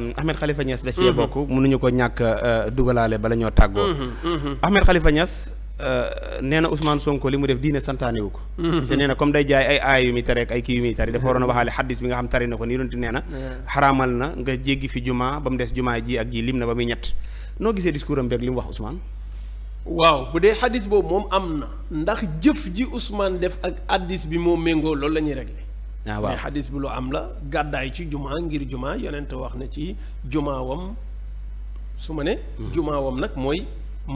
Euh, Ahmed Khalifa Niass da cee mhm. bokk mënuñu ko ñàkk euh, dugalaale bala ñoo tàggoo mhm, mhm. Ahmed Khalifa Niass euh, nee na Ousmane Sonko li mu def diine santaane wu ko te nee na comme day jaay ay aay yu muy tare ak ay kii yu muy tari dafa waroon a waxaale xaddis bi nga xam tari na ko nii doonte nee na xaraamal na nga jéggi fi jumaa ba mu des jumaa ji ak ji lim na ba muy ñett noo gisee discours am beeg li mu wax Ousmane waaw bu dee xaddis boobu moom am na ndax jëf ji Ousmane def ak addis bi moo méngoo loolu la ñuy réglé ah waaw mais xadis bi lu am la gàddaay ci jumaa ngir jumaa yonent wax na ci wom su ma ne. Hmm. jumaawam nag mooy.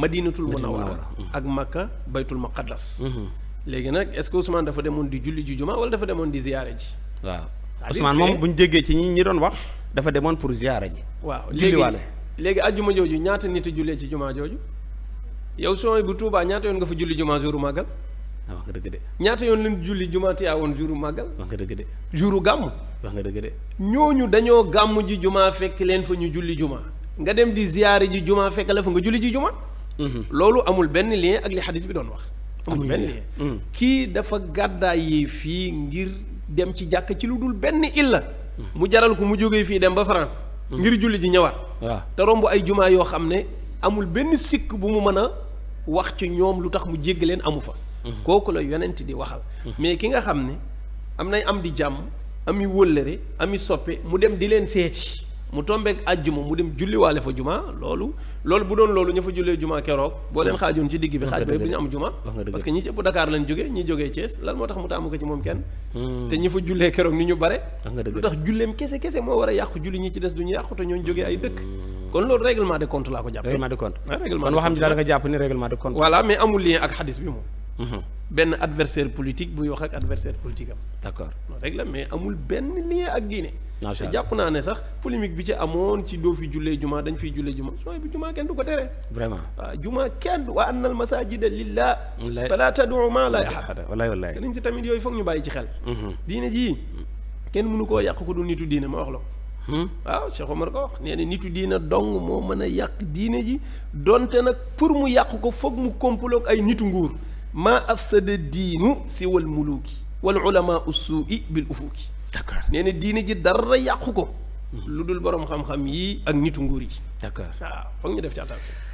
madinatul munawwara hmm. ak makka baytul maqaddas hmm. léegi nag est-ce que Ousmane dafa demoon di julli ji jumaa wala dafa demoon di ziyaare ji. waaw Ousmane moom bu ñu jegee ci ñi ñi doon wax dafa demoon pour ziyaare ji. waaw léegi léegi ajjuma jooju ñaata nit a jullee ci jumaa jooju. yow sooy bu Tuubaa ñaata yoon nga fa julli jumaa jouru màggal Ah, wax nga dëgg de. ñaata yoon leen julli jumaa Tiwaawan juru màggal. wax nga dëgg de. juru gàmm. wax nga dëgg de. ñooñu dañoo gàmm ji jumaa fekk leen fa ñu julli jumaa nga dem di ziyaare ji jumaa fekk la fa nga julli ji jumaa. Mhm. loolu amul benn lien ak li bi doon wax. amul benn lien mhm. kii dafa gàddaay yi fii ngir dem ci jàkk ci lu dul benn illa mu jaral ko mu jógee fii dem ba France. Mhm. ngir julli ji ñëwaat. waaw te romb ay jumaa yoo xam ne amul benn sikk bu mu mën a wax ci ñoom lu tax mu jégg leen amu fa. kooku la yonent di waxal mais ki nga xam ne am nay am di jàmm ami wëllëre ami soppe mu dem di leen seeti mu tombeek àjjuma mu dem julliwaale fa juma loolu loolu bu doon loolu ña jullee juma keroog boo leen xaajoon ci digg bi xaaj ba yëpp du ñu am juma parce ñi ci ëpp lañ jógee ñi jógee Thiès lan moo tax mu taamu ko ci moom kenn hmm. te ñi fa jullee keroog ni ñu bare lu tax julleem kese kese moo war a yàqu julli ñi ci des du yàqu te ñooñu Mhm. benn adversaire politique buy wax ak adversaire politique am. d'accord loolu rek la mais amul benn lien ak diine. macha allah te jàpp naa ne sax polémique bi ci amoon ci doo fi jullee jumaa dañ fiy jullee juma sooy bu juma kenn du ko tere. vraiment waaw juma kenn wa annal masajida lillah. walaay fala tad'u ma la ahad walaay walaay. sëriñ si tamit yooyu foog ñu bàyyi ci xel. Mhm. diine jii kenn mënu koo yàq ko du nitu diine ma wax la ko. Hmm? waaw Cheikh Omar wax nee na nitu diina dong moo mën a yàq diine ji donte nag pour mu yàq ko foog mu complot ay nitu nguur maa afsada diinu si wal muluuki wal ulamaa ussuui bil ufuuki d'accord nee na diine ji dara yàqu ko lu dul borom xam-xam yi ak nitu nguur yi d'accord waaw ñu def ci